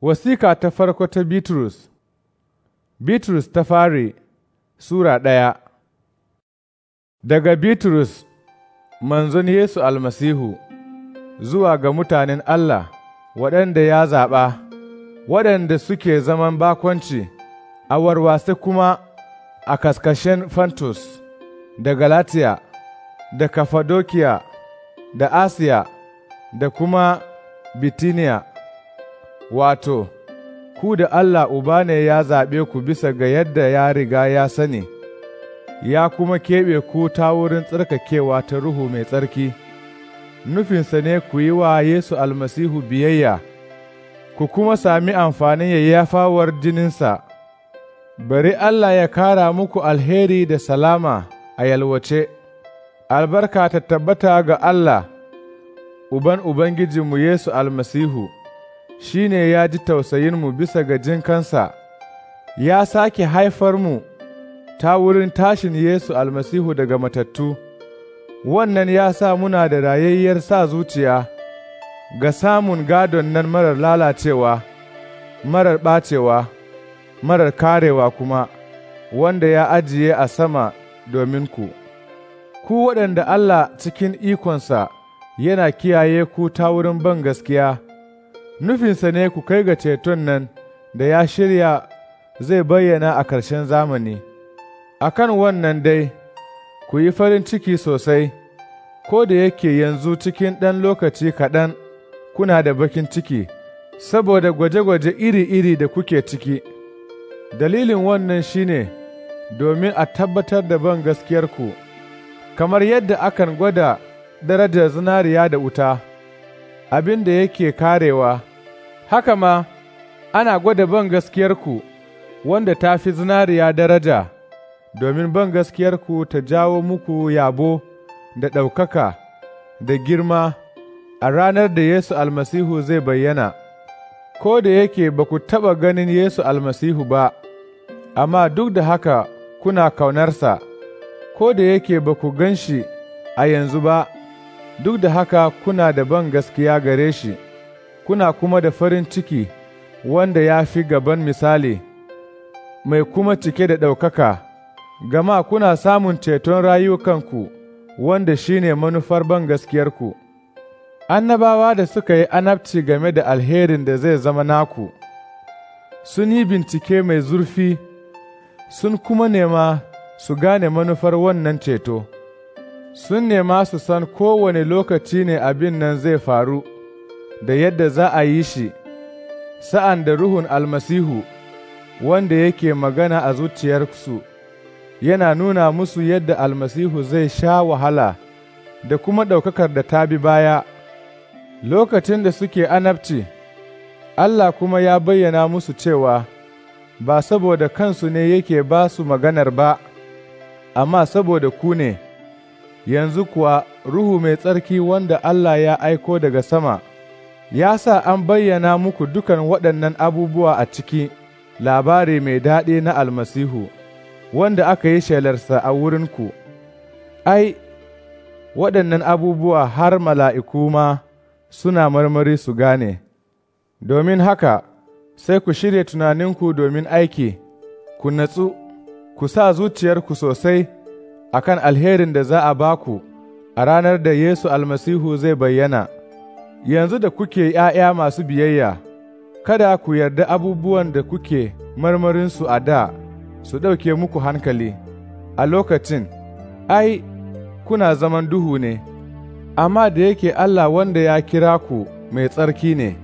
wasiƙa ta farko ta Bitrus Bitrus ta fari Sura ɗaya Daga Bitrus, manzon Yesu almasihu, zuwa ga mutanen Allah waɗanda ya zaɓa, waɗanda suke zaman bakonci, a warwase kuma a kaskashen Fantus, da Galatiya, da Kafadokiya, da Asiya, da kuma Bitiniya. wato, ku da Allah Uba ne ya zaɓe ku bisa ga yadda ya riga ya sani, ya kuma keɓe ku ta wurin tsarkakewa ta Ruhu mai tsarki, nufinsa ne ku yi wa Yesu almasihu biyayya, ku kuma sami amfanin yayyafawar jininsa, bari Allah ya kara muku alheri da salama a yalwace, albarka ta tabbata ga Allah, Uban Ubangijinmu Yesu almasihu. shi ne ya ji tausayinmu bisa ga jinkansa, ya sake haifar mu ta wurin tashin Yesu almasihu daga matattu, wannan ya sa muna da rayayyar sa zuciya ga samun gadon nan marar lalacewa, marar ɓacewa, marar karewa kuma, wanda ya ajiye a sama domin ku. Ku waɗanda Allah cikin ikonsa yana kiyaye ku ta wurin ban gaskiya. nufinsa ne ku kai ga ceton nan da ya shirya zai bayyana a ƙarshen zamani. A kan wannan dai, ku yi farin ciki sosai, ko da yake yanzu cikin ɗan lokaci kaɗan kuna da bakin ciki, saboda gwaje-gwaje iri-iri da kuke ciki. Dalilin wannan shi ne, domin a tabbatar da ban gaskiyarku, kamar yadda akan gwada darajar zinariya da wuta, abin da yake karewa. haka ma ana gwada ban gaskiyarku wanda ta fi zinariya daraja, domin ban gaskiyarku ta jawo muku yabo da ɗaukaka da girma a ranar da Yesu almasihu zai bayyana, ko da yake ba ku taɓa ganin Yesu almasihu ba, amma duk da haka kuna kaunarsa, ko da yake ba ku gan shi a yanzu ba, duk da haka kuna da ban gaskiya gare shi. kuna kuma da farin ciki wanda ya fi gaban misali, mai kuma cike da ɗaukaka, gama kuna samun ceton rayukanku wanda shi ne manufar ban gaskiyarku. Annabawa da suka yi anabci game da alherin da zai zama naku, sun yi bincike mai zurfi, sun kuma nema su gane manufar wannan ceto, sun nema su san kowane lokaci ne abin nan zai faru. da yadda za a yi shi sa'an da Ruhun Almasihu, wanda yake magana a zuciyarsu, yana nuna musu yadda Almasihu zai sha wahala da kuma ɗaukakar da ta bi baya. Lokacin da suke anabci, Allah kuma ya bayyana musu cewa ba saboda kansu ne yake ba su maganar ba, amma saboda ku ne, yanzu kuwa Ruhu mai tsarki wanda Allah ya aiko daga sama. ya sa an bayyana muku dukan waɗannan abubuwa a ciki labari mai daɗi na almasihu, wanda aka yi shelarsa a wurinku, ai, waɗannan abubuwa har mala'iku ma suna marmari su gane, domin haka sai ku shirya tunaninku domin aiki, ku natsu, ku sa zuciyarku sosai a kan alherin da za a baku a ranar da Yesu almasihu zai bayyana. yanzu da kuke ’ya'ya masu biyayya, kada ku yarda abubuwan da kuke marmarinsu a da su ɗauke muku hankali, a lokacin, ai, kuna zaman duhu ne, amma da yake Allah wanda ya kira ku mai tsarki ne,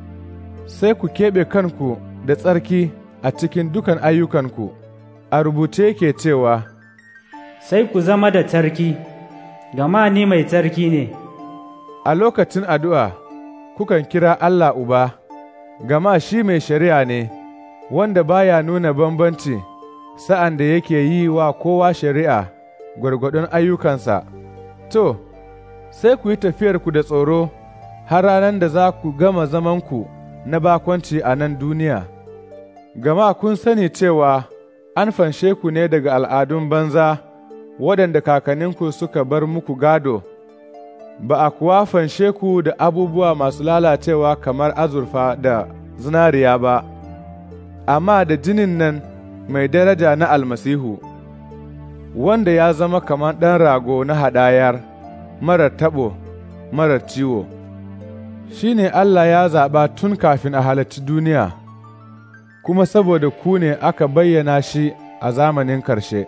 sai ku keɓe kanku da tsarki a cikin dukan ayyukanku, a rubuce yake cewa, Sai ku zama da tsarki, gama ni mai tsarki ne. A lokacin addu'a, kukan kira Allah Uba, gama shi mai shari'a ne, wanda baya nuna bambanci sa'an da yake yi wa kowa shari'a gwargwadon ayyukansa. To, sai ku yi tafiyarku da tsoro har ranar da za ku gama zamanku na bakwanci a nan duniya, gama kun sani cewa an fanshe ku ne daga al'adun banza waɗanda kakanninku suka bar muku gado. ba a kuwa fanshe ku da abubuwa masu lalacewa kamar azurfa da zinariya ba, amma da jinin nan mai daraja na almasihu, wanda ya zama kamar ɗan rago na hadayar marar taɓo, marar ciwo. Shi ne Allah ya zaɓa tun kafin a halarci duniya, kuma saboda ku ne aka bayyana shi a zamanin ƙarshe,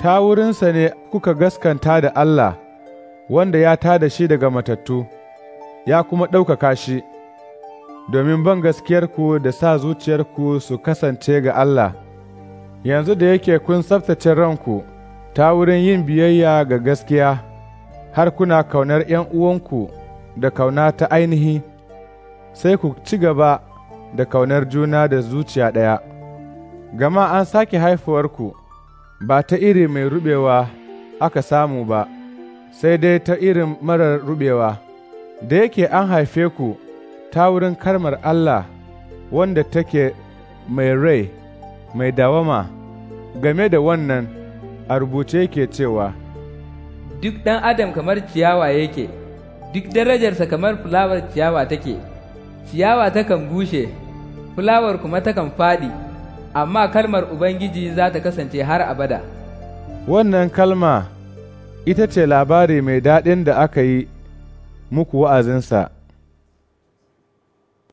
ta wurinsa ne kuka gaskanta da Allah. wanda ya tā da shi daga matattu, ya kuma ɗaukaka shi, domin ban gaskiyarku da sa zuciyarku su kasance ga Allah, yanzu da yake kun tsaftace ranku ta wurin yin biyayya ga gaskiya, har kuna kaunar uwanku da kauna ta ainihi, sai ku ci gaba da kaunar juna da zuciya ɗaya. Gama an sake haifuwarku ba ta iri mai ruɓewa aka samu ba. sai dai ta irin marar rubewa, da yake an haife ku ta wurin karmar Allah wanda take mai rai, mai dawama, game da wannan a rubuce ke cewa, Duk ɗan adam kamar ciyawa yake, duk darajarsa kamar fulawar ciyawa take, ciyawa takan bushe, fulawar kuma takan faɗi, amma kalmar Ubangiji za ta kasance har abada. Wannan kalma. ita ce labari mai daɗin da aka yi muku wa'azinsa.